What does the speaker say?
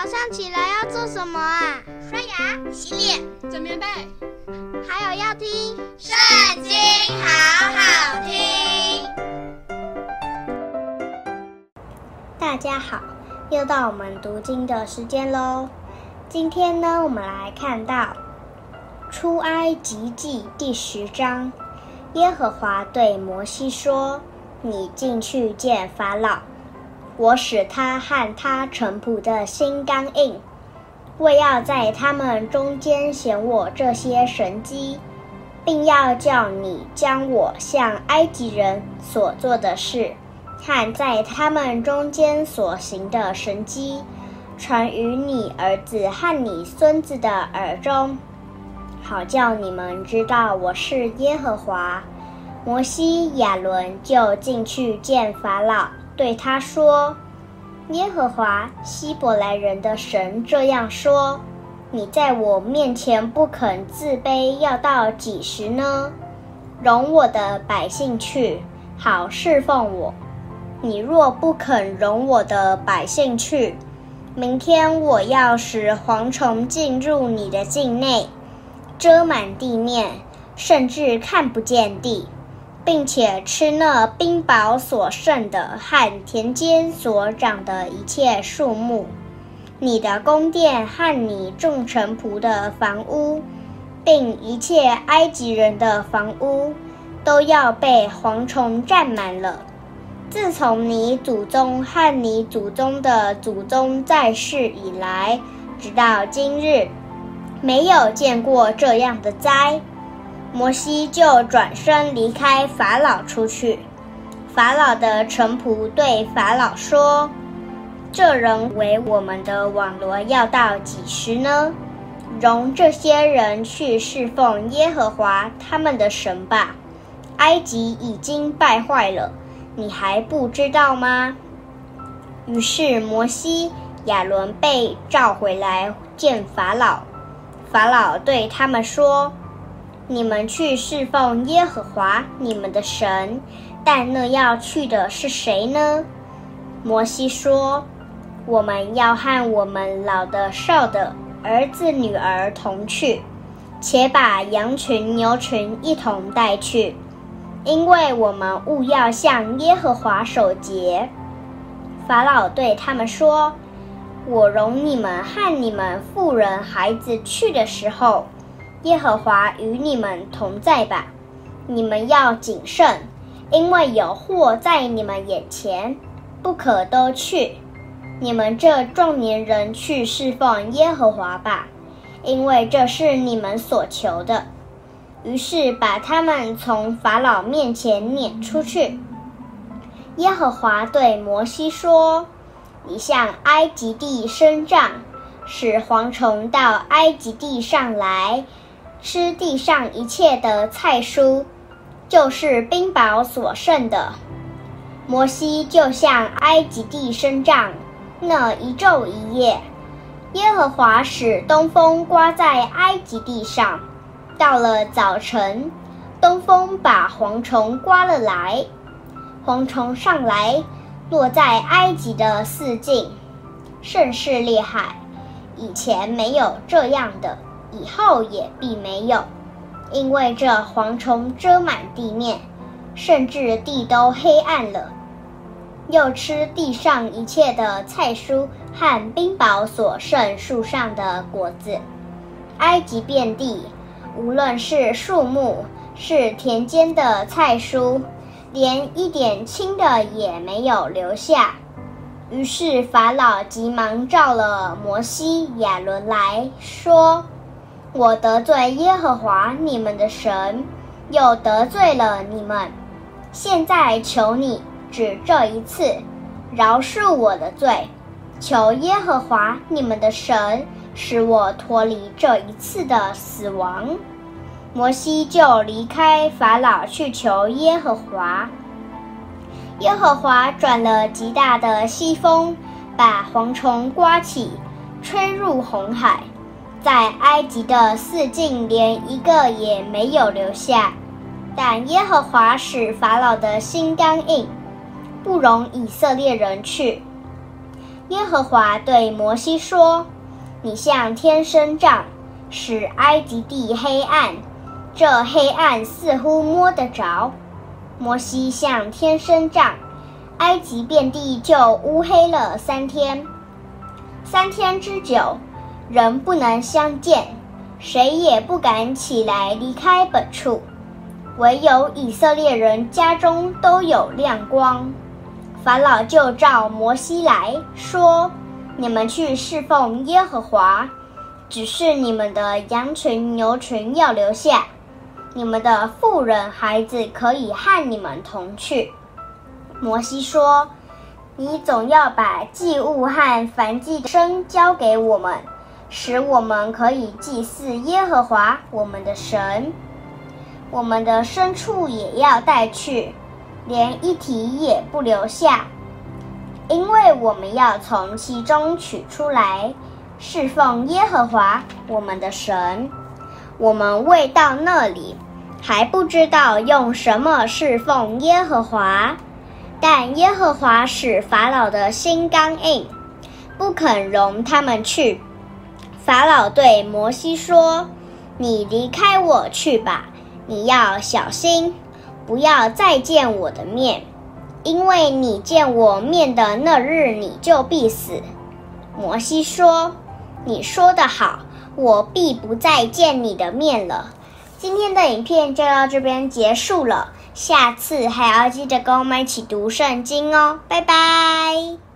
早上起來要做什麼啊？刷牙、洗臉、整棉被，還有要聽《聖經好好聽》。大家好，又到我們讀經的時間嘍。今天呢，我們來看到《出埃及記》第十章，耶和華對摩西說：“你進去見法老。”我使他和他臣僕的心剛硬，為要在他們中間顯我這些神蹟，并要叫你將我向埃及人所做的事，和在他們中間所行的神蹟，傳於你兒子和你孫子的耳中，好叫你們知道我是耶和華。摩西、亞倫就進去見法老。對他說：“耶和華希伯來人的神這樣說：你在我面前不肯自卑，要到幾時呢？容我的百姓去，好侍奉我。你若不肯容我的百姓去，明天我要使蝗蟲進入你的境內，遮滿地面，甚至看不見地。”並且吃那冰雹所剩的和田間所長的一切樹木，你的宮殿和你眾臣僕的房屋，並一切埃及人的房屋，都要被蝗蟲佔滿了。自從你祖宗和你祖宗的祖宗在世以來，直到今日，沒有見過這樣的災。摩西就轉身離開法老出去。法老的臣僕對法老說：“這人為我們的網羅要到幾時呢？容這些人去侍奉耶和華他們的神吧。埃及已經敗壞了，你還不知道嗎？”於是摩西、亞倫被召回來見法老。法老對他們說。你們去侍奉耶和華你們的神，但那要去的是誰呢？摩西說：“我們要和我們老的、少的、兒子、女兒同去，且把羊群、牛群一同帶去，因為我們務要向耶和華守節。”法老對他們說：“我容你們和你們婦人、孩子去的時候。”耶和華與你們同在吧！你們要謹慎，因為有禍在你們眼前，不可都去。你們這壯年人去侍奉耶和華吧，因為這是你們所求的。於是把他們從法老面前攆出去。耶和華對摩西說：“你向埃及地伸杖，使蝗蟲到埃及地上來。”吃地上一切的菜蔬，就是冰雹所剩的。摩西就向埃及地伸杖，那一晝一夜，耶和華使東風颳在埃及地上。到了早晨，東風把蝗蟲颳了來，蝗蟲上來，落在埃及的四境，甚是厲害，以前沒有這樣的。以後也必沒有，因為這蝗蟲遮滿地面，甚至地都黑暗了。又吃地上一切的菜蔬和冰雹所剩樹上的果子，埃及遍地，無論是樹木，是田間的菜蔬，連一點青的也沒有留下。於是法老急忙召了摩西、亞倫來說。我得罪耶和華你們的神，又得罪了你們。現在求你只這一次，饒恕我的罪，求耶和華你們的神使我脫離這一次的死亡。摩西就離開法老去求耶和華，耶和華轉了極大的西風，把蝗蟲颳起，吹入紅海。在埃及的四境，連一個也沒有留下。但耶和華使法老的心剛硬，不容以色列人去。耶和華對摩西說：“你向天伸杖，使埃及地黑暗。這黑暗似乎摸得着。”摩西向天伸杖，埃及遍地就烏黑了三天。三天之久。人不能相見，誰也不敢起來離開本處。唯有以色列人家中都有亮光。法老就召摩西來說：“你們去事奉耶和華，只是你們的羊群、牛群要留下。你們的婦人、孩子可以和你們同去。”摩西說：“你總要把祭物和燔祭的牲交給我們。”使我們可以祭祀耶和華我們的神，我們的牲畜也要帶去，連一蹄也不留下，因為我們要從其中取出來侍奉耶和華我們的神。我們未到那裡，還不知道用什麼侍奉耶和華，但耶和華使法老的心剛硬，不肯容他們去。法老對摩西說：“你離開我去吧，你要小心，不要再見我的面，因為你見我面的那日，你就必死。”摩西說：“你說得好，我必不再見你的面了。”今天的影片就到這邊結束了，下次還要記得跟我們一起讀聖經哦，拜拜。